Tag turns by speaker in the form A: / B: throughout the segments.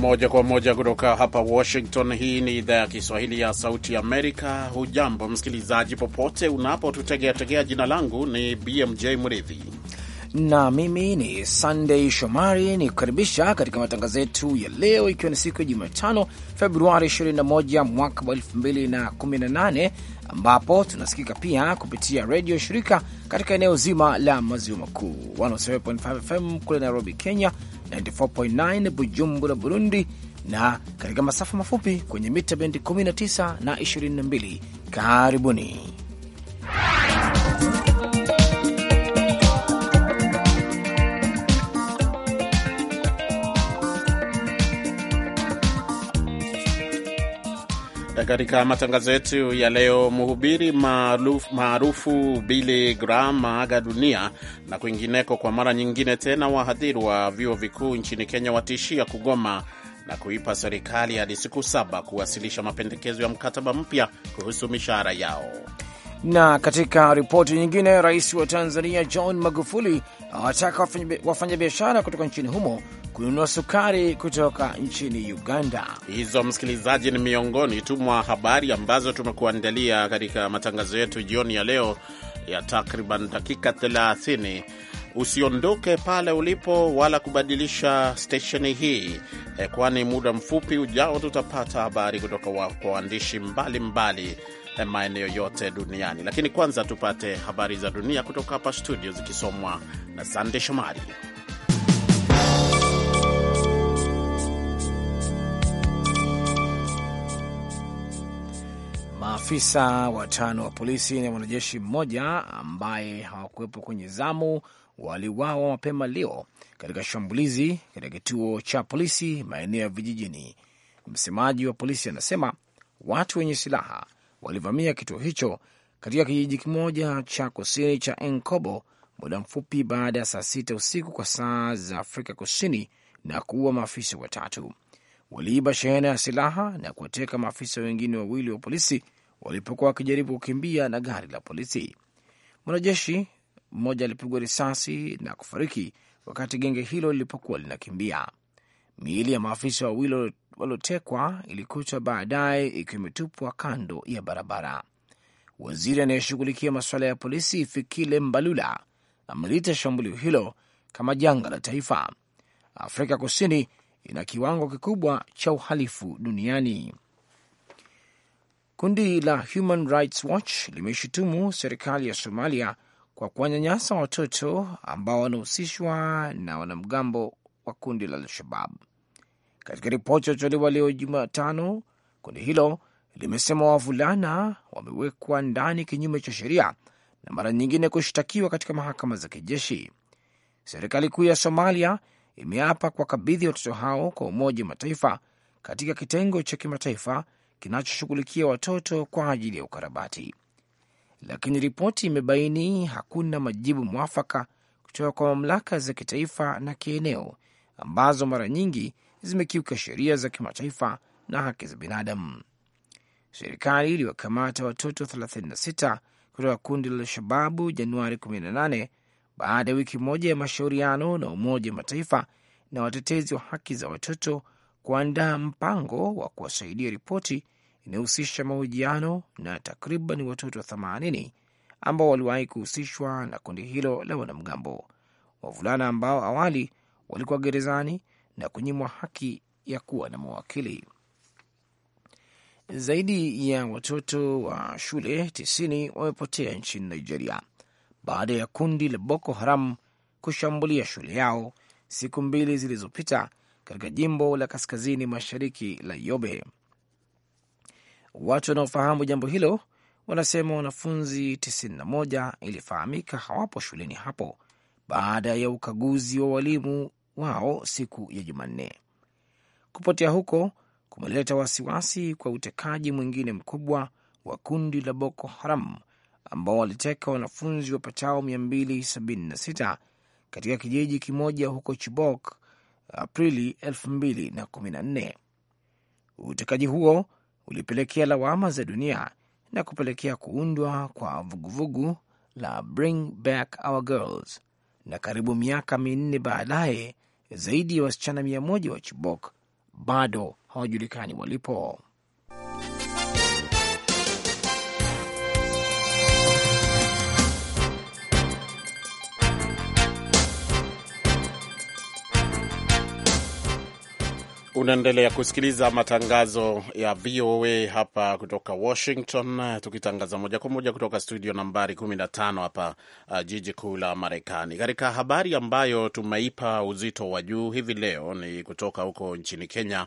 A: moja kwa moja kutoka hapa Washington. Hii ni idhaa ya Kiswahili ya Sauti Amerika. Hujambo msikilizaji, popote unapotutegeategea. Jina langu ni BMJ Mridhi
B: na mimi ni Sunday Shomari, ni kukaribisha katika matangazo yetu ya leo, ikiwa ni siku ya Jumatano Februari 21 mwaka wa 2018 ambapo tunasikika pia kupitia redio shirika katika eneo zima la maziwa makuu 107.5 FM kule Nairobi, Kenya 94.9 Bujumbura, Burundi, na katika masafa mafupi kwenye mita bendi 19 na 22. Karibuni.
A: Eh, katika matangazo yetu ya leo, mhubiri maarufu Billy Graham maaga dunia na kwingineko. Kwa mara nyingine tena, wahadhiri wa vyuo vikuu nchini Kenya watishia kugoma na kuipa serikali hadi siku saba kuwasilisha mapendekezo ya mkataba mpya kuhusu mishahara yao.
B: Na katika ripoti nyingine, rais wa Tanzania John Magufuli awataka wafanyabiashara kutoka nchini humo kununua sukari kutoka nchini Uganda.
A: Hizo msikilizaji, ni miongoni tu mwa habari ambazo tumekuandalia katika matangazo yetu jioni ya leo ya takriban dakika 30. Usiondoke pale ulipo wala kubadilisha stesheni hii eh, kwani muda mfupi ujao tutapata habari kutoka kwa waandishi mbalimbali Eh, maeneo yote duniani. Lakini kwanza tupate habari za dunia kutoka hapa studio zikisomwa na Sande Shomari.
B: Maafisa watano wa polisi na mwanajeshi mmoja ambaye hawakuwepo kwenye zamu waliwawa mapema leo katika shambulizi katika kituo cha polisi maeneo ya vijijini. Msemaji wa polisi anasema watu wenye silaha walivamia kituo hicho katika kijiji kimoja cha kusini cha Enkobo muda mfupi baada ya saa sita usiku kwa saa za Afrika Kusini na kuua maafisa watatu. Waliiba shehena ya silaha na kuwateka maafisa wengine wawili wa polisi walipokuwa wakijaribu kukimbia na gari la polisi. Mwanajeshi mmoja alipigwa risasi na kufariki wakati genge hilo lilipokuwa linakimbia. Miili ya maafisa wawili waliotekwa ilikutwa baadaye ikiwa imetupwa kando ya barabara. Waziri anayeshughulikia masuala ya polisi Fikile Mbalula amelita shambulio hilo kama janga la taifa. Afrika Kusini ina kiwango kikubwa cha uhalifu duniani. Kundi la Human Rights Watch limeshutumu serikali ya Somalia kwa kuwanyanyasa watoto ambao wanahusishwa na wanamgambo wa kundi la Al-Shabab. Katika ripoti iliyotolewa leo Jumatano, kundi hilo limesema wavulana wamewekwa ndani kinyume cha sheria na mara nyingine kushtakiwa katika mahakama za kijeshi. Serikali kuu ya Somalia imeapa kuwakabidhi watoto hao kwa Umoja wa Mataifa katika kitengo cha kimataifa kinachoshughulikia watoto kwa ajili ya ukarabati, lakini ripoti imebaini hakuna majibu mwafaka kutoka kwa mamlaka za kitaifa na kieneo ambazo mara nyingi zimekiuka sheria za kimataifa na haki za binadamu. Serikali iliwakamata watoto 36 kutoka kundi la shababu Januari 18 baada ya wiki moja ya mashauriano na Umoja wa Mataifa na watetezi wa haki za watoto kuandaa mpango wa kuwasaidia ripoti inayohusisha mahojiano na takriban watoto 80 ambao waliwahi kuhusishwa na kundi hilo la wanamgambo. Wavulana ambao awali walikuwa gerezani na kunyimwa haki ya kuwa na mawakili. Zaidi ya watoto wa shule 90 wamepotea nchini Nigeria baada ya kundi la Boko Haram kushambulia shule yao siku mbili zilizopita katika jimbo la kaskazini mashariki la Yobe. Watu wanaofahamu jambo hilo wanasema wanafunzi 91 ilifahamika hawapo shuleni hapo baada ya ukaguzi wa walimu wao siku ya Jumanne. Kupotea huko kumeleta wasiwasi kwa utekaji mwingine mkubwa wa kundi la Boko Haram ambao waliteka wanafunzi wapatao 276 katika kijiji kimoja huko Chibok Aprili 2014. Utekaji huo ulipelekea lawama za dunia na kupelekea kuundwa kwa vuguvugu la Bring Back Our Girls na karibu miaka minne baadaye, zaidi ya wasichana mia moja wa Chibok bado hawajulikani walipo.
A: Unaendelea kusikiliza matangazo ya VOA hapa kutoka Washington, tukitangaza moja kwa moja kutoka studio nambari 15 hapa uh, jiji kuu la Marekani. Katika habari ambayo tumeipa uzito wa juu hivi leo ni kutoka huko nchini Kenya,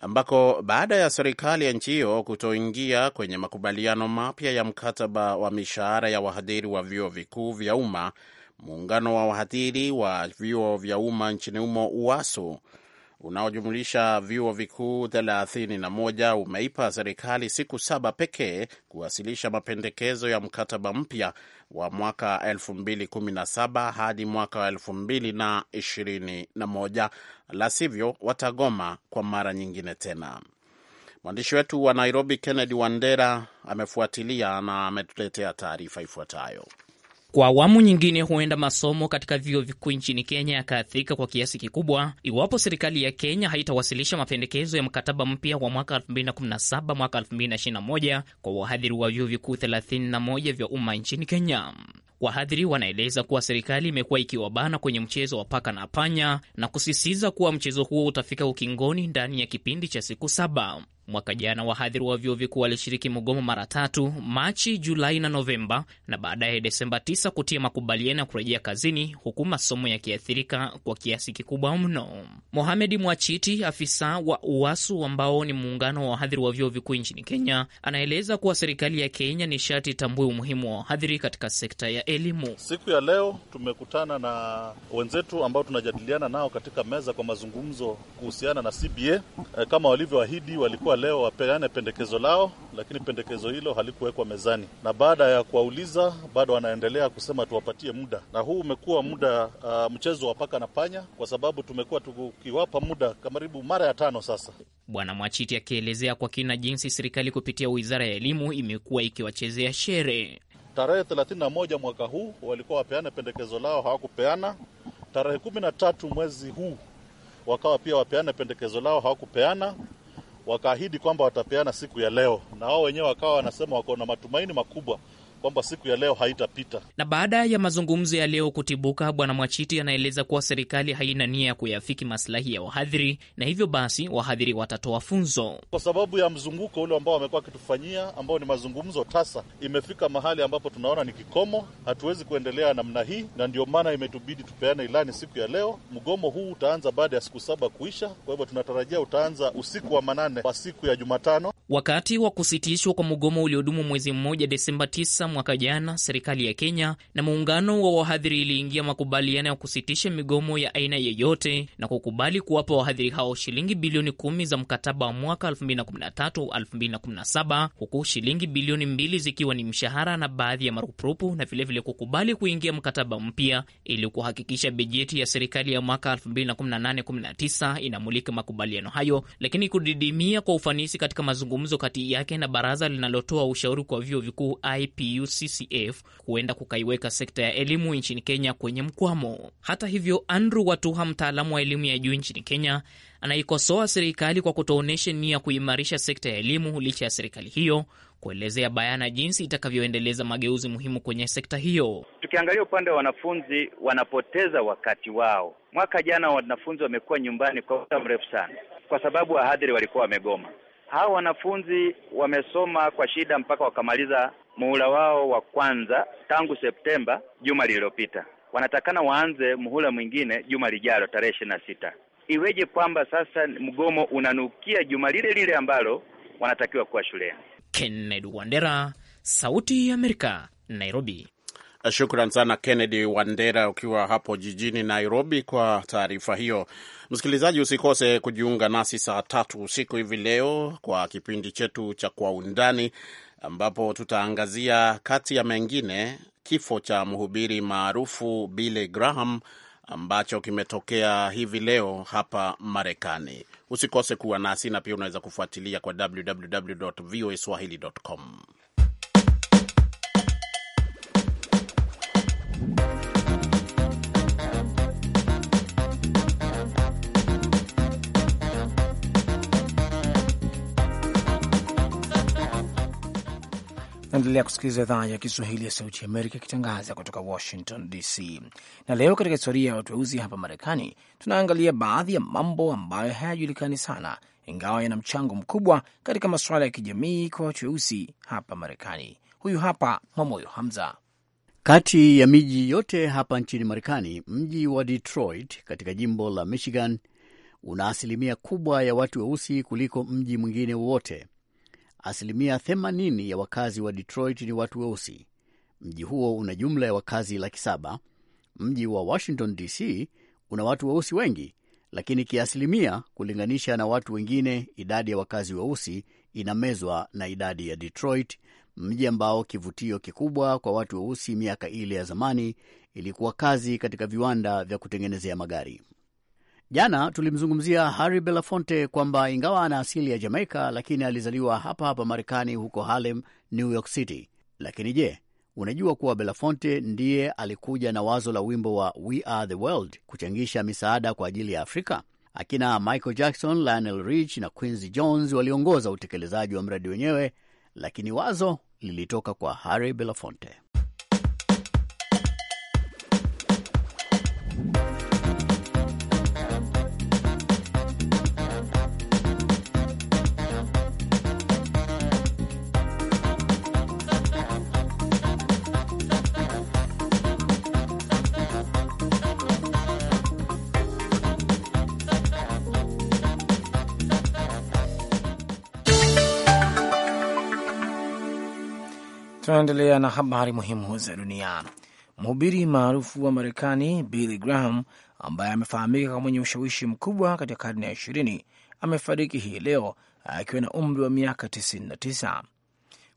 A: ambako baada ya serikali ya nchi hiyo kutoingia kwenye makubaliano mapya ya mkataba wa mishahara ya wahadhiri wa vyuo vikuu vya umma, muungano wa wahadhiri wa vyuo vya umma nchini humo UASU unaojumulisha vyuo vikuu 31 umeipa serikali siku saba pekee kuwasilisha mapendekezo ya mkataba mpya wa mwaka 2017 hadi mwaka 2021, la sivyo watagoma kwa mara nyingine tena. Mwandishi wetu wa Nairobi, Kennedy Wandera,
C: amefuatilia na ametuletea taarifa ifuatayo. Kwa awamu nyingine, huenda masomo katika vyuo vikuu nchini Kenya yakaathirika kwa kiasi kikubwa iwapo serikali ya Kenya haitawasilisha mapendekezo ya mkataba mpya wa mwaka 2017 mwaka 2021 kwa wahadhiri wa vyuo vikuu 31 vya umma nchini Kenya. Wahadhiri wanaeleza kuwa serikali imekuwa ikiwabana kwenye mchezo wa paka na panya na kusisitiza kuwa mchezo huo utafika ukingoni ndani ya kipindi cha siku saba. Mwaka jana wahadhiri wa vyuo vikuu walishiriki mgomo mara tatu, Machi, Julai na Novemba, na baadaye Desemba 9 kutia makubaliano ya kurejea kazini, huku masomo yakiathirika kwa kiasi kikubwa mno. Mohamedi Mwachiti, afisa wa UWASU ambao ni muungano wa wahadhiri wa vyuo vikuu nchini Kenya, anaeleza kuwa serikali ya Kenya ni sharti itambue umuhimu wa wahadhiri katika sekta ya elimu.
D: Siku ya leo tumekutana na wenzetu ambao tunajadiliana nao katika meza kwa mazungumzo kuhusiana na CBA. Eh, kama walivyoahidi walikuwa walikuwa leo wapeane pendekezo lao, lakini pendekezo hilo halikuwekwa mezani, na baada ya kuwauliza bado wanaendelea kusema tuwapatie muda, na huu umekuwa muda uh, mchezo wa paka na panya, kwa sababu tumekuwa tukiwapa muda karibu mara ya tano sasa.
C: Bwana Mwachiti akielezea kwa kina jinsi serikali kupitia wizara ya elimu imekuwa ikiwachezea shere.
D: Tarehe 31 mwaka huu walikuwa wapeane pendekezo lao, hawakupeana. Tarehe 13 mwezi huu wakawa pia wapeane pendekezo lao, hawakupeana wakaahidi kwamba watapeana siku ya leo, na wao wenyewe wakawa wanasema wako na matumaini makubwa kwamba siku ya leo haitapita.
C: Na baada ya mazungumzo ya leo kutibuka, Bwana Mwachiti anaeleza kuwa serikali haina nia ya kuyafiki maslahi ya wahadhiri, na hivyo basi wahadhiri watatoa funzo
D: kwa sababu ya mzunguko ule ambao wamekuwa wakitufanyia, ambao ni mazungumzo tasa. Imefika mahali ambapo tunaona ni kikomo, hatuwezi kuendelea namna hii, na ndio maana imetubidi tupeane ilani siku ya leo. Mgomo huu utaanza baada ya siku saba kuisha, kwa hivyo tunatarajia utaanza usiku wa manane wa siku ya Jumatano,
C: wakati wa kusitishwa kwa mgomo uliodumu mwezi mmoja, Desemba 9 mwaka jana, serikali ya Kenya na muungano wa wahadhiri iliingia makubaliano ya kusitisha migomo ya aina yeyote na kukubali kuwapa wahadhiri hao shilingi bilioni kumi za mkataba wa mwaka 2013-2017 huku shilingi bilioni mbili zikiwa ni mshahara na baadhi ya marupurupu na vilevile kukubali kuingia mkataba mpya ili kuhakikisha bajeti ya serikali ya mwaka 2018 inamulika makubaliano hayo, lakini kudidimia kwa ufanisi katika mazungumzo kati yake na baraza linalotoa ushauri kwa vyuo vikuu IPU UCCF huenda kukaiweka sekta ya elimu nchini Kenya kwenye mkwamo. Hata hivyo, Andrew Watuha, mtaalamu wa elimu ya juu nchini Kenya, anaikosoa serikali kwa kutoonyesha nia kuimarisha sekta ya elimu licha ya serikali hiyo kuelezea bayana jinsi itakavyoendeleza mageuzi muhimu kwenye sekta hiyo.
E: Tukiangalia upande wa wanafunzi, wanapoteza wakati wao. Mwaka jana wanafunzi wamekuwa nyumbani kwa muda mrefu sana, kwa sababu wahadhiri walikuwa wamegoma. Hawa wanafunzi wamesoma kwa shida mpaka wakamaliza muhula wao wa kwanza tangu Septemba juma lililopita. Wanatakana waanze muhula mwingine juma lijalo tarehe ishirini na sita. Iweje kwamba sasa mgomo unanukia juma lile lile ambalo wanatakiwa kuwa shuleni?
C: Kennedy Wandera, Sauti ya Amerika, Nairobi.
A: Shukran sana Kennedy Wandera, ukiwa hapo jijini Nairobi kwa taarifa hiyo. Msikilizaji, usikose kujiunga nasi saa tatu usiku hivi leo kwa kipindi chetu cha Kwa Undani ambapo tutaangazia kati ya mengine kifo cha mhubiri maarufu Billy Graham ambacho kimetokea hivi leo hapa Marekani. Usikose kuwa nasi na pia unaweza kufuatilia kwa www.voaswahili.com.
B: Naendelea kusikiliza idhaa ya Kiswahili ya Sauti ya Amerika ikitangaza kutoka Washington DC. Na leo katika historia ya watu weusi hapa Marekani, tunaangalia baadhi ya mambo ambayo hayajulikani sana, ingawa yana mchango mkubwa katika masuala ya kijamii kwa watu weusi hapa
F: Marekani. Huyu hapa Mwamoyo Hamza. Kati ya miji yote hapa nchini Marekani, mji wa Detroit katika jimbo la Michigan una asilimia kubwa ya watu weusi kuliko mji mwingine wowote Asilimia 80 ya wakazi wa Detroit ni watu weusi. Mji huo una jumla ya wakazi laki saba. Mji wa Washington DC una watu weusi wengi, lakini kiasilimia, kulinganisha na watu wengine, idadi ya wakazi weusi inamezwa na idadi ya Detroit, mji ambao kivutio kikubwa kwa watu weusi miaka ile ya zamani ilikuwa kazi katika viwanda vya kutengenezea magari. Jana tulimzungumzia Harry Belafonte kwamba ingawa ana asili ya Jamaika, lakini alizaliwa hapa hapa Marekani, huko Harlem, New York City. Lakini je, unajua kuwa Belafonte ndiye alikuja na wazo la wimbo wa We Are the World kuchangisha misaada kwa ajili ya Afrika? Akina Michael Jackson, Lionel Rich na Quincy Jones waliongoza utekelezaji wa mradi wenyewe, lakini wazo lilitoka kwa Harry Belafonte.
B: Tunaendelea na habari muhimu za dunia. Mhubiri maarufu wa Marekani Billy Graham ambaye amefahamika kwa mwenye ushawishi mkubwa katika karne ya ishirini amefariki hii leo akiwa na umri wa miaka 99.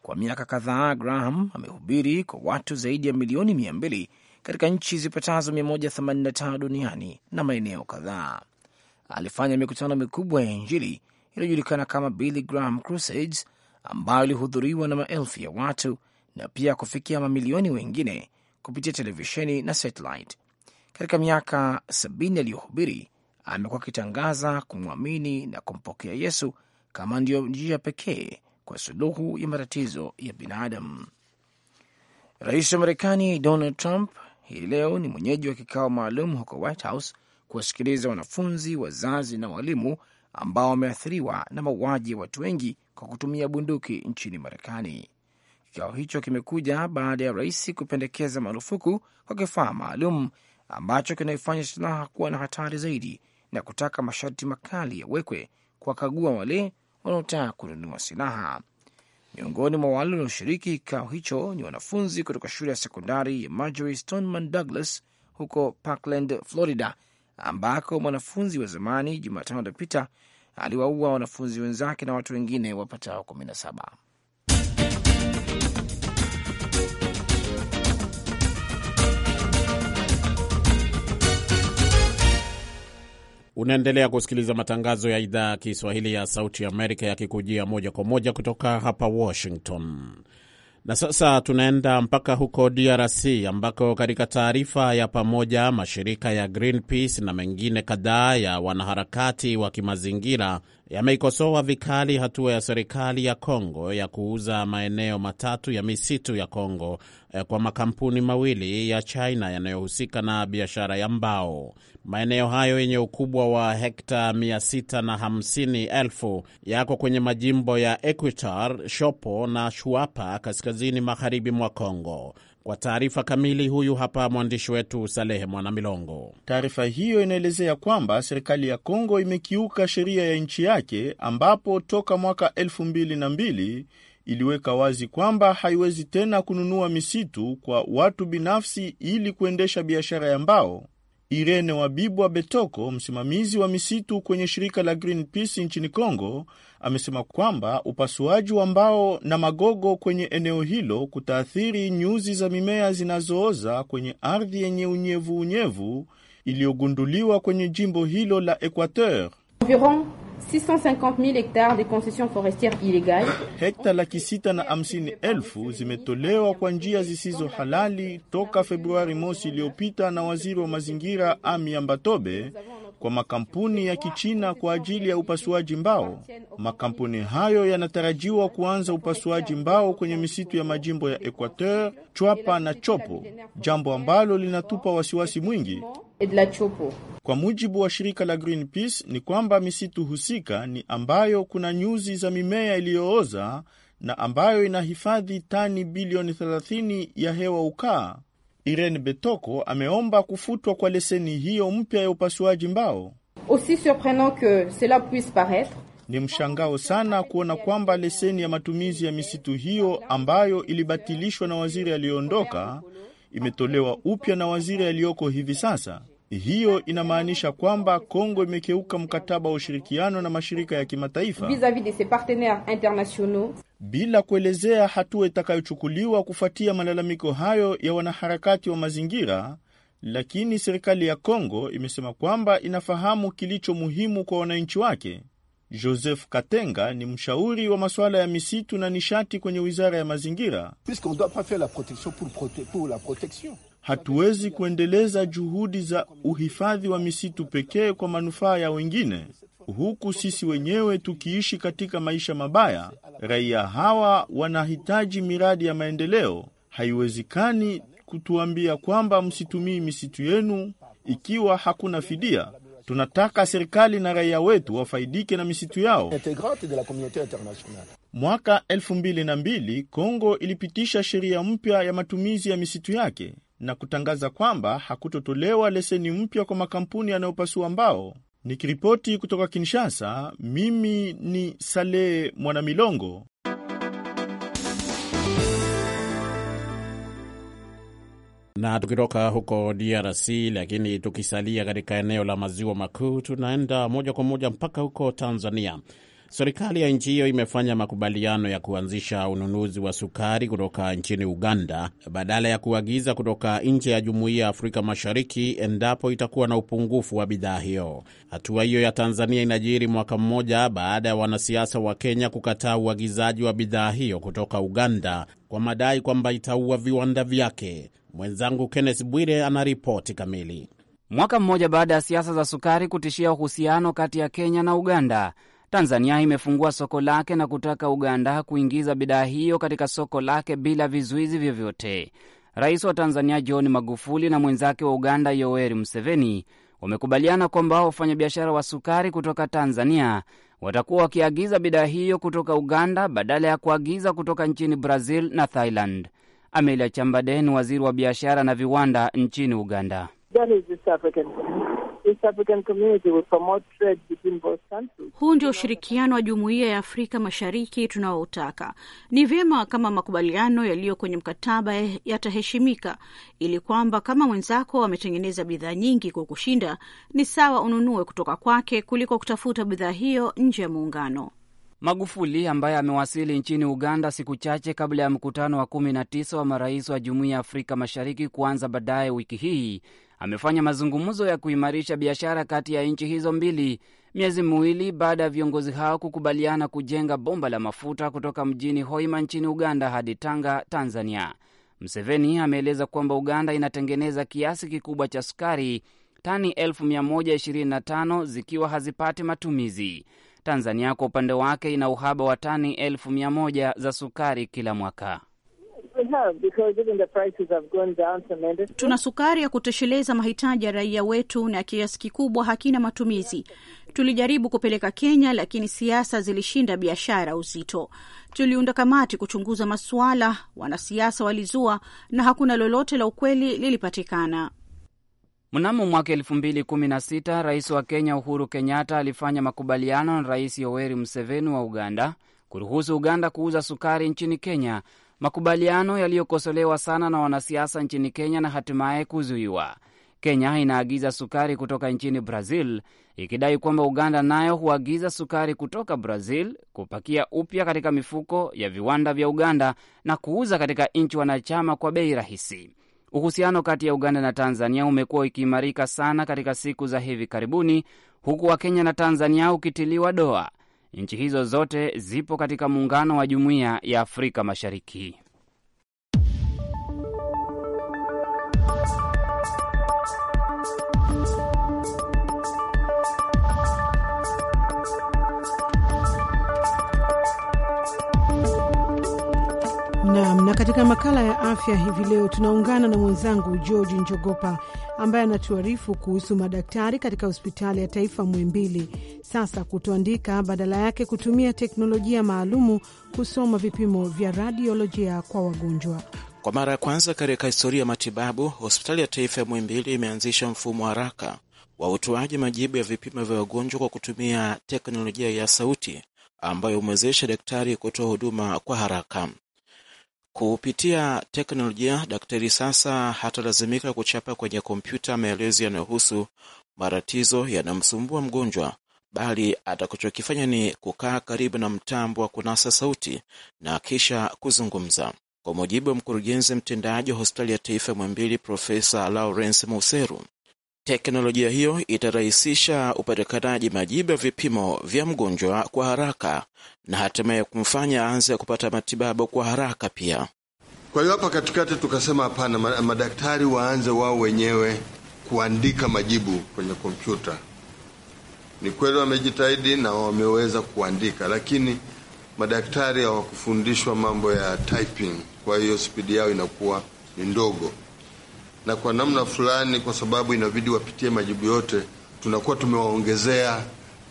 B: Kwa miaka kadhaa Graham amehubiri kwa watu zaidi ya milioni 200 katika nchi zipatazo 185 duniani na maeneo kadhaa. Alifanya mikutano mikubwa ya Injili iliyojulikana kama Billy Graham Crusades ambayo ilihudhuriwa na maelfu ya watu na pia kufikia mamilioni wengine kupitia televisheni na satellite. Katika miaka sabini aliyohubiri, amekuwa akitangaza kumwamini na kumpokea Yesu kama ndiyo njia pekee kwa suluhu ya matatizo ya binadamu. Rais wa Marekani Donald Trump hii leo ni mwenyeji wa kikao maalum huko White House kuwasikiliza wanafunzi, wazazi na walimu ambao wameathiriwa na mauaji ya watu wengi kwa kutumia bunduki nchini Marekani. Kikao hicho kimekuja baada ya rais kupendekeza marufuku kwa kifaa maalum ambacho kinaifanya silaha kuwa na hatari zaidi na kutaka masharti makali yawekwe kuwakagua wale wanaotaka kununua silaha. Miongoni mwa wale wanaoshiriki kikao hicho ni wanafunzi kutoka shule ya sekondari ya Marjory Stoneman Douglas huko Parkland, Florida, ambako mwanafunzi wa zamani Jumatano iliyopita aliwaua wanafunzi wenzake na watu wengine wapatao saba.
A: Unaendelea kusikiliza matangazo ya idhaa ya Kiswahili ya Sauti ya Amerika yakikujia moja kwa moja kutoka hapa Washington. Na sasa tunaenda mpaka huko DRC ambako katika taarifa ya pamoja mashirika ya Greenpeace na mengine kadhaa ya wanaharakati wa kimazingira yameikosoa vikali hatua ya serikali ya Kongo ya kuuza maeneo matatu ya misitu ya Kongo eh, kwa makampuni mawili ya China yanayohusika na biashara ya mbao. Maeneo hayo yenye ukubwa wa hekta 650,000 yako kwenye majimbo ya equator Shopo na Shuapa kaskazini magharibi mwa Kongo. Kwa taarifa kamili, huyu hapa mwandishi wetu Salehe Mwanamilongo. Taarifa hiyo inaelezea kwamba serikali ya Kongo imekiuka
E: sheria ya nchi yake, ambapo toka mwaka 2002 iliweka wazi kwamba haiwezi tena kununua misitu kwa watu binafsi ili kuendesha biashara ya mbao Irene Wabibwa Betoko, msimamizi wa misitu kwenye shirika la Greenpeace nchini congo amesema kwamba upasuaji wa mbao na magogo kwenye eneo hilo kutaathiri nyuzi za mimea zinazooza kwenye ardhi yenye unyevuunyevu iliyogunduliwa kwenye jimbo hilo la Equateur.
C: 650 000 hektare de concessions forestières illegales.
E: Hekta laki sita na hamsini elfu zimetolewa kwa njia zisizo halali toka Februari mosi iliyopita na waziri wa mazingira Ami Ambatobe kwa makampuni ya Kichina kwa ajili ya upasuaji mbao. Makampuni hayo yanatarajiwa kuanza upasuaji mbao kwenye misitu ya majimbo ya Equateur, Chwapa na Chopo, jambo ambalo linatupa wasiwasi mwingi. Kwa mujibu wa shirika la Greenpeace ni kwamba misitu husika ni ambayo kuna nyuzi za mimea iliyooza na ambayo inahifadhi tani bilioni 30 ya hewa ukaa. Irene Betoko ameomba kufutwa kwa leseni hiyo mpya ya upasuaji mbao.
C: Aussi surprenant que cela puisse paraître,
E: ni mshangao sana kuona kwamba leseni ya matumizi ya misitu hiyo ambayo ilibatilishwa na waziri aliyoondoka imetolewa upya na waziri aliyoko hivi sasa. Hiyo inamaanisha kwamba Kongo imekeuka mkataba wa ushirikiano na mashirika ya kimataifa bila kuelezea hatua itakayochukuliwa kufuatia malalamiko hayo ya wanaharakati wa mazingira. Lakini serikali ya Kongo imesema kwamba inafahamu kilicho muhimu kwa wananchi wake. Joseph Katenga ni mshauri wa masuala ya misitu na nishati kwenye Wizara ya Mazingira. Hatuwezi kuendeleza juhudi za uhifadhi wa misitu pekee kwa manufaa ya wengine, huku sisi wenyewe tukiishi katika maisha mabaya. Raia hawa wanahitaji miradi ya maendeleo. Haiwezekani kutuambia kwamba msitumii misitu yenu ikiwa hakuna fidia. Tunataka serikali na raia wetu wafaidike na misitu yao. Mwaka 2002 Kongo ilipitisha sheria mpya ya matumizi ya misitu yake na kutangaza kwamba hakutotolewa leseni mpya kwa makampuni yanayopasua mbao. Nikiripoti kutoka Kinshasa, mimi ni saleh Mwanamilongo.
A: Na tukitoka huko DRC, lakini tukisalia katika eneo la maziwa makuu, tunaenda moja kwa moja mpaka huko Tanzania Serikali ya nchi hiyo imefanya makubaliano ya kuanzisha ununuzi wa sukari kutoka nchini Uganda badala ya kuagiza kutoka nje ya Jumuiya ya Afrika Mashariki endapo itakuwa na upungufu wa bidhaa hiyo. Hatua hiyo ya Tanzania inajiri mwaka mmoja baada ya wanasiasa wa Kenya kukataa uagizaji wa bidhaa hiyo kutoka Uganda kwa madai kwamba itaua viwanda vyake. Mwenzangu Kenneth Bwire anaripoti
G: kamili. Mwaka mmoja baada ya siasa za sukari kutishia uhusiano kati ya Kenya na Uganda, Tanzania imefungua soko lake na kutaka Uganda kuingiza bidhaa hiyo katika soko lake bila vizuizi vyovyote. Rais wa Tanzania John Magufuli na mwenzake wa Uganda Yoweri Museveni wamekubaliana kwamba wafanyabiashara wa sukari kutoka Tanzania watakuwa wakiagiza bidhaa hiyo kutoka Uganda badala ya kuagiza kutoka nchini Brazil na Thailand. Amelia Chambaden, waziri wa biashara na viwanda nchini Uganda.
H: That is huu
C: ndio ushirikiano wa jumuiya ya Afrika Mashariki tunaoutaka. Ni vyema kama makubaliano yaliyo kwenye mkataba yataheshimika, ili kwamba kama mwenzako ametengeneza bidhaa nyingi kwa kushinda, ni sawa ununue kutoka kwake kuliko kutafuta bidhaa hiyo nje ya muungano.
G: Magufuli ambaye amewasili nchini Uganda siku chache kabla ya mkutano wa 19 wa marais wa jumuiya ya Afrika Mashariki kuanza baadaye wiki hii amefanya mazungumzo ya kuimarisha biashara kati ya nchi hizo mbili miezi miwili baada ya viongozi hao kukubaliana kujenga bomba la mafuta kutoka mjini Hoima nchini Uganda hadi Tanga, Tanzania. Mseveni ameeleza kwamba Uganda inatengeneza kiasi kikubwa cha sukari, tani 125 zikiwa hazipati matumizi. Tanzania kwa upande wake ina uhaba wa tani 1,100 za sukari kila mwaka
H: have because even the prices have gone down tremendously. Tuna
C: sukari ya kutosheleza mahitaji ya raia wetu na kiasi kikubwa hakina matumizi. Tulijaribu kupeleka Kenya, lakini siasa zilishinda biashara uzito. Tuliunda kamati kuchunguza masuala, wanasiasa walizua, na hakuna lolote la ukweli lilipatikana.
G: Mnamo mwaka elfu mbili kumi na sita rais wa Kenya Uhuru Kenyatta alifanya makubaliano na rais Yoweri Museveni wa Uganda kuruhusu Uganda kuuza sukari nchini Kenya makubaliano yaliyokosolewa sana na wanasiasa nchini Kenya na hatimaye kuzuiwa. Kenya inaagiza sukari kutoka nchini Brazil ikidai kwamba Uganda nayo huagiza sukari kutoka Brazil, kupakia upya katika mifuko ya viwanda vya Uganda na kuuza katika nchi wanachama kwa bei rahisi. Uhusiano kati ya Uganda na Tanzania umekuwa ukiimarika sana katika siku za hivi karibuni, huku Wakenya na Tanzania ukitiliwa doa. Nchi hizo zote zipo katika muungano wa jumuiya ya Afrika Mashariki.
F: Nam,
B: na katika makala ya afya hivi leo tunaungana na mwenzangu George Njogopa ambaye anatuarifu kuhusu madaktari katika hospitali ya taifa mwembili sasa kutoandika,
C: badala yake kutumia teknolojia maalumu kusoma vipimo vya radiolojia kwa
B: wagonjwa.
I: Kwa mara ya kwanza katika historia ya matibabu, hospitali ya taifa ya mwembili imeanzisha mfumo haraka wa utoaji majibu ya vipimo vya wagonjwa kwa kutumia teknolojia ya sauti ambayo humwezesha daktari kutoa huduma kwa haraka. Kupitia teknolojia, daktari sasa hatalazimika kuchapa kwenye kompyuta maelezo yanayohusu matatizo yanamsumbua mgonjwa, bali atakachokifanya ni kukaa karibu na mtambo wa kunasa sauti na kisha kuzungumza. Kwa mujibu wa mkurugenzi mtendaji wa hospitali ya taifa Muhimbili, Profesa Lawrence Museru, Teknolojia hiyo itarahisisha upatikanaji majibu ya vipimo vya mgonjwa kwa haraka na hatimaye kumfanya aanze kupata matibabu kwa haraka pia.
J: Kwa hiyo hapa katikati tukasema hapana, madaktari waanze wao wenyewe kuandika majibu kwenye kompyuta. Ni kweli wamejitahidi na wameweza kuandika, lakini madaktari hawakufundishwa mambo ya typing, kwa hiyo spidi yao inakuwa ni ndogo na kwa namna fulani, kwa sababu inabidi wapitie majibu yote, tunakuwa tumewaongezea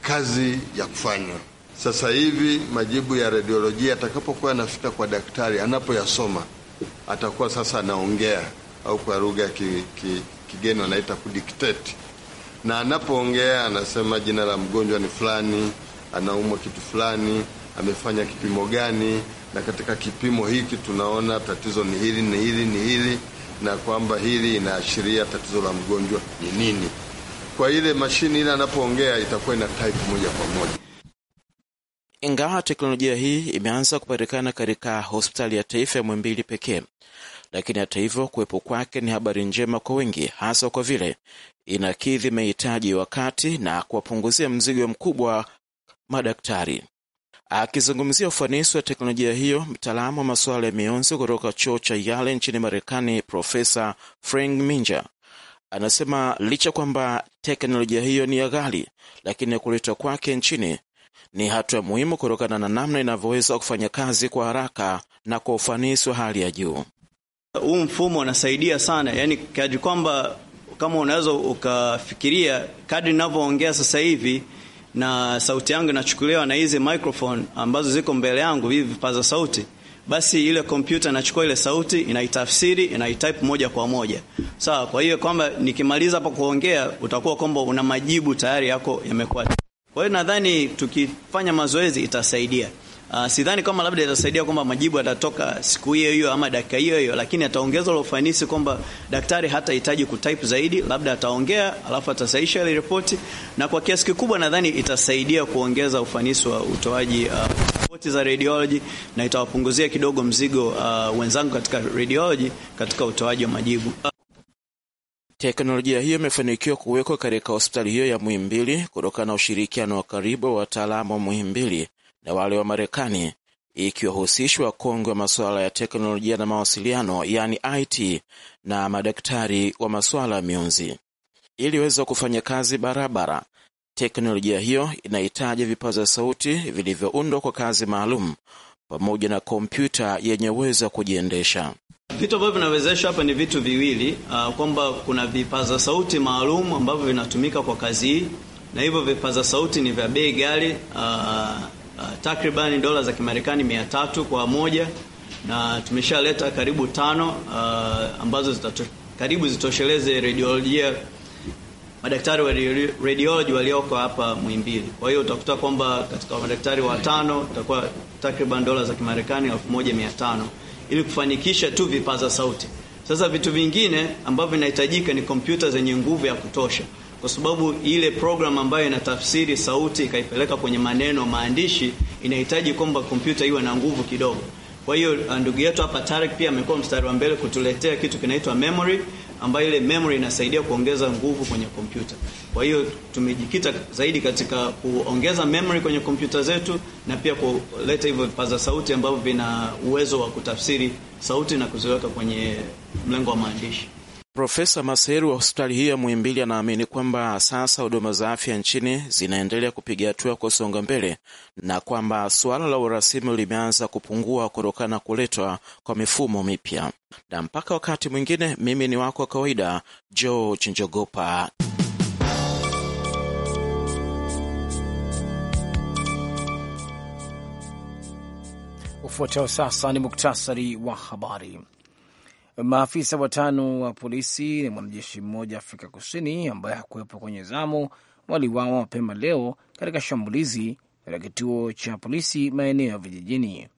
J: kazi ya kufanya. Sasa hivi majibu ya radiolojia atakapokuwa yanafika kwa daktari, anapoyasoma atakuwa sasa anaongea, au kwa lugha ya ki, ki, kigeni wanaita kudikteti, na anapoongea anasema jina la mgonjwa ni fulani, anaumwa kitu fulani, amefanya kipimo gani, na katika kipimo hiki tunaona tatizo ni hili, ni hili, ni hili na kwamba hili inaashiria tatizo la mgonjwa ni nini. Kwa ile mashine ile anapoongea itakuwa ina type moja kwa moja.
I: Ingawa teknolojia hii imeanza kupatikana katika hospitali ya taifa ya mwembili pekee, lakini hata hivyo kuwepo kwake ni habari njema kwa wengi, hasa kwa vile inakidhi mahitaji wakati na kuwapunguzia mzigo mkubwa madaktari. Akizungumzia ufanisi wa teknolojia hiyo, mtaalamu wa masuala ya mionzi kutoka chuo cha Yale nchini Marekani, Profesa Frank Minja anasema licha kwamba teknolojia hiyo ni ya ghali, lakini kuletwa kwake nchini ni hatua muhimu kutokana na namna inavyoweza kufanya kazi kwa haraka na kwa ufanisi wa
K: hali ya juu. Huu mfumo unasaidia sana, yani kiaji kwamba kama unaweza ukafikiria, kadri inavyoongea sasa hivi na sauti yangu inachukuliwa na hizi microphone ambazo ziko mbele yangu, hivi vipaza sauti, basi ile kompyuta inachukua ile sauti inaitafsiri, inaitype moja kwa moja, sawa. Kwa hiyo kwamba nikimaliza hapa kuongea, utakuwa kwamba una majibu tayari yako yamekuwa. Kwa hiyo nadhani tukifanya mazoezi itasaidia. Uh, sidhani kama labda itasaidia kwamba majibu yatatoka siku hiyo hiyo ama dakika hiyo hiyo, lakini ataongeza ile ufanisi kwamba daktari hatahitaji kutype zaidi, labda ataongea alafu atasaisha ile ripoti, na kwa kiasi kikubwa nadhani itasaidia kuongeza ufanisi wa utoaji uh, ripoti za radiology na itawapunguzia kidogo mzigo uh, wenzangu katika radiology katika utoaji wa majibu. uh, Teknolojia hiyo
I: imefanikiwa kuwekwa katika hospitali hiyo ya Muhimbili kutokana na ushirikiano wa karibu wa wataalamu wa Muhimbili na wale wa Marekani, ikiwahusishwa wakongwe wa masuala ya teknolojia na mawasiliano, yani IT, na madaktari wa masuala ya mionzi. weza kufanya kazi barabara, teknolojia hiyo inahitaji vipaza sauti vilivyoundwa kwa kazi maalum pamoja na kompyuta yenye uwezo wa kujiendesha.
K: Vitu ambavyo vinawezeshwa hapa ni vitu viwili, uh, kwamba kuna vipaza sauti maalum ambavyo vinatumika kwa kazi hii, na hivyo vipaza sauti ni vya bei ghali uh, takriban ah, takribani dola za Kimarekani mia tatu kwa moja na tumeshaleta karibu tano uh, ambazo zitato, karibu zitosheleze radiolojia madaktari wa radiology walioko hapa Muhimbili. Kwa hiyo utakuta kwamba katika madaktari watano utakuwa takriban dola za Kimarekani tano ili kufanikisha tu vipaza sauti. Sasa vitu vingine ambavyo vinahitajika ni kompyuta zenye nguvu ya kutosha kwa sababu ile program ambayo inatafsiri sauti ikaipeleka kwenye maneno maandishi inahitaji kwamba kompyuta iwe na nguvu kidogo. Kwa hiyo uh, ndugu yetu hapa Tarek pia amekuwa mstari wa mbele kutuletea kitu kinaitwa memory, ambayo ile memory inasaidia kuongeza nguvu kwenye kompyuta. Kwa hiyo tumejikita zaidi katika kuongeza memory kwenye kompyuta zetu na pia kuleta hivyo vipaza sauti ambavyo vina uwezo wa kutafsiri sauti na kuziweka kwenye mlengo wa maandishi.
I: Profesa Maseru wa hospitali hiyo ya Muhimbili anaamini kwamba sasa huduma za afya nchini zinaendelea kupiga hatua kusonga mbele na kwamba suala la urasimu limeanza kupungua kutokana na kuletwa kwa mifumo mipya. Na mpaka wakati mwingine, mimi ni wako wa kawaida George Njogopa.
B: Ufuatao sasa ni muktasari wa habari. Maafisa watano wa polisi na mwanajeshi mmoja Afrika Kusini ambaye hakuwepo kwenye zamu waliwawa mapema leo katika shambulizi katika kituo cha polisi maeneo ya vijijini.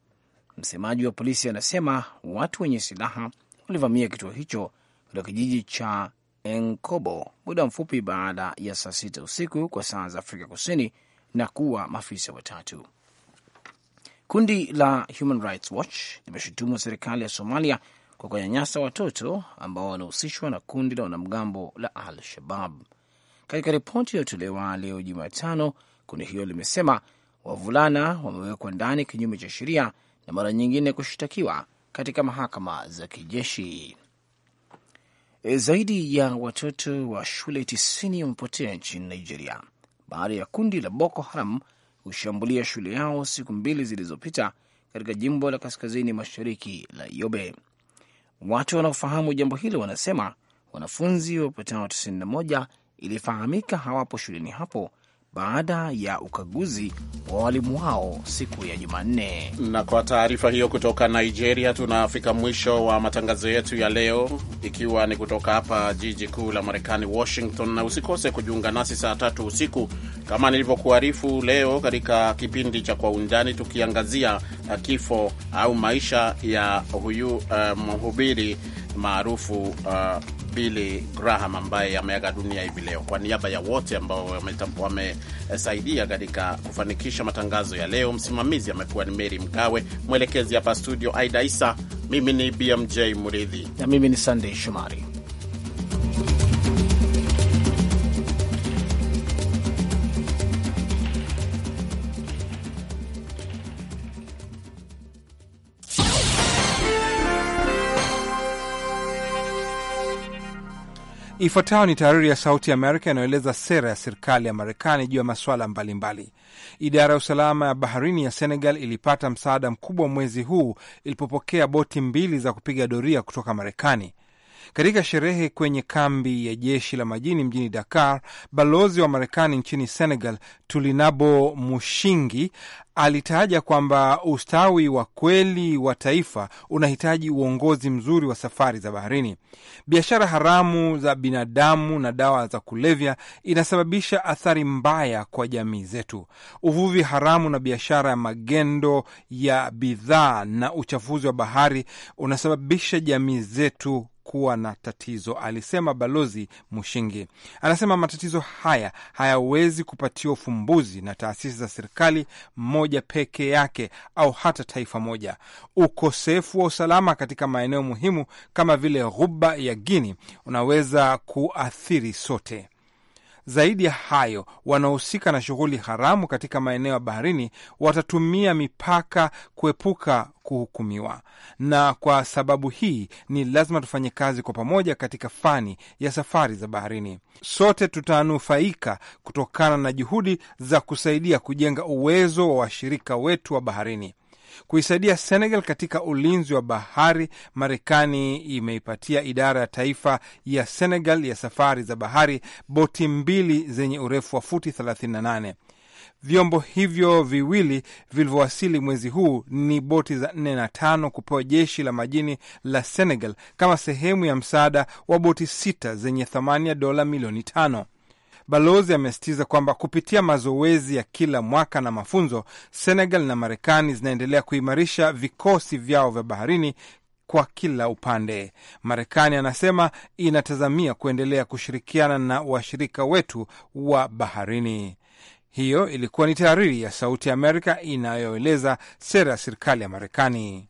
B: Msemaji wa polisi anasema watu wenye silaha walivamia kituo hicho katika kijiji cha Enkobo muda mfupi baada ya saa sita usiku kwa saa za Afrika Kusini na kuwa maafisa watatu. Kundi la Human Rights Watch limeshutumu serikali ya Somalia kwa kunyanyasa watoto ambao wanahusishwa na kundi la wanamgambo la Al Shabab. Katika ripoti iliyotolewa leo Jumatano, kundi hilo limesema wavulana wamewekwa ndani kinyume cha sheria na mara nyingine kushtakiwa katika mahakama za kijeshi. E, zaidi ya watoto wa shule tisini wamepotea nchini Nigeria baada ya kundi la Boko Haram kushambulia shule yao siku mbili zilizopita katika jimbo la kaskazini mashariki la Yobe. Watu wanaofahamu jambo hilo wanasema wanafunzi wapatao 91 ilifahamika hawapo shuleni hapo baada ya ukaguzi wa walimu wao siku ya Jumanne.
A: Na kwa taarifa hiyo kutoka Nigeria, tunafika mwisho wa matangazo yetu ya leo, ikiwa ni kutoka hapa jiji kuu la Marekani, Washington, na usikose kujiunga nasi saa tatu usiku kama nilivyokuarifu leo, katika kipindi cha Kwa Undani, tukiangazia kifo au maisha ya huyu eh, mhubiri um, maarufu uh, Billy Graham ambaye ameaga dunia hivi leo. Kwa niaba ya wote ambao wamesaidia katika kufanikisha matangazo ya leo, msimamizi amekuwa ni Mary Mgawe, mwelekezi hapa studio Aida Isa, mimi ni BMJ Muridhi
B: na mimi ni sandey Shomari.
H: Ifuatayo ni taariri ya Sauti ya Amerika inayoeleza sera ya serikali ya Marekani juu ya masuala mbalimbali. Idara ya usalama ya baharini ya Senegal ilipata msaada mkubwa mwezi huu ilipopokea boti mbili za kupiga doria kutoka Marekani. Katika sherehe kwenye kambi ya jeshi la majini mjini Dakar, balozi wa Marekani nchini Senegal, Tulinabo Mushingi, alitaja kwamba ustawi wa kweli wa taifa unahitaji uongozi mzuri wa safari za baharini. Biashara haramu za binadamu na dawa za kulevya inasababisha athari mbaya kwa jamii zetu. Uvuvi haramu na biashara ya magendo ya bidhaa na uchafuzi wa bahari unasababisha jamii zetu kuwa na tatizo, alisema Balozi Mushingi. Anasema matatizo haya hayawezi kupatiwa ufumbuzi na taasisi za serikali moja peke yake au hata taifa moja. Ukosefu wa usalama katika maeneo muhimu kama vile Ghuba ya Guini unaweza kuathiri sote. Zaidi ya hayo, wanaohusika na shughuli haramu katika maeneo ya baharini watatumia mipaka kuepuka kuhukumiwa. Na kwa sababu hii, ni lazima tufanye kazi kwa pamoja katika fani ya safari za baharini. Sote tutanufaika kutokana na juhudi za kusaidia kujenga uwezo wa washirika wetu wa baharini kuisaidia Senegal katika ulinzi wa bahari. Marekani imeipatia idara ya taifa ya Senegal ya safari za bahari boti mbili zenye urefu wa futi 38. Vyombo hivyo viwili vilivyowasili mwezi huu ni boti za nne na tano kupewa jeshi la majini la Senegal kama sehemu ya msaada wa boti sita zenye thamani ya dola milioni tano. Balozi amesitiza kwamba kupitia mazoezi ya kila mwaka na mafunzo, Senegal na Marekani zinaendelea kuimarisha vikosi vyao vya baharini kwa kila upande. Marekani anasema inatazamia kuendelea kushirikiana na washirika wetu wa baharini. Hiyo ilikuwa ni tahariri ya Sauti ya Amerika inayoeleza sera ya serikali ya Marekani.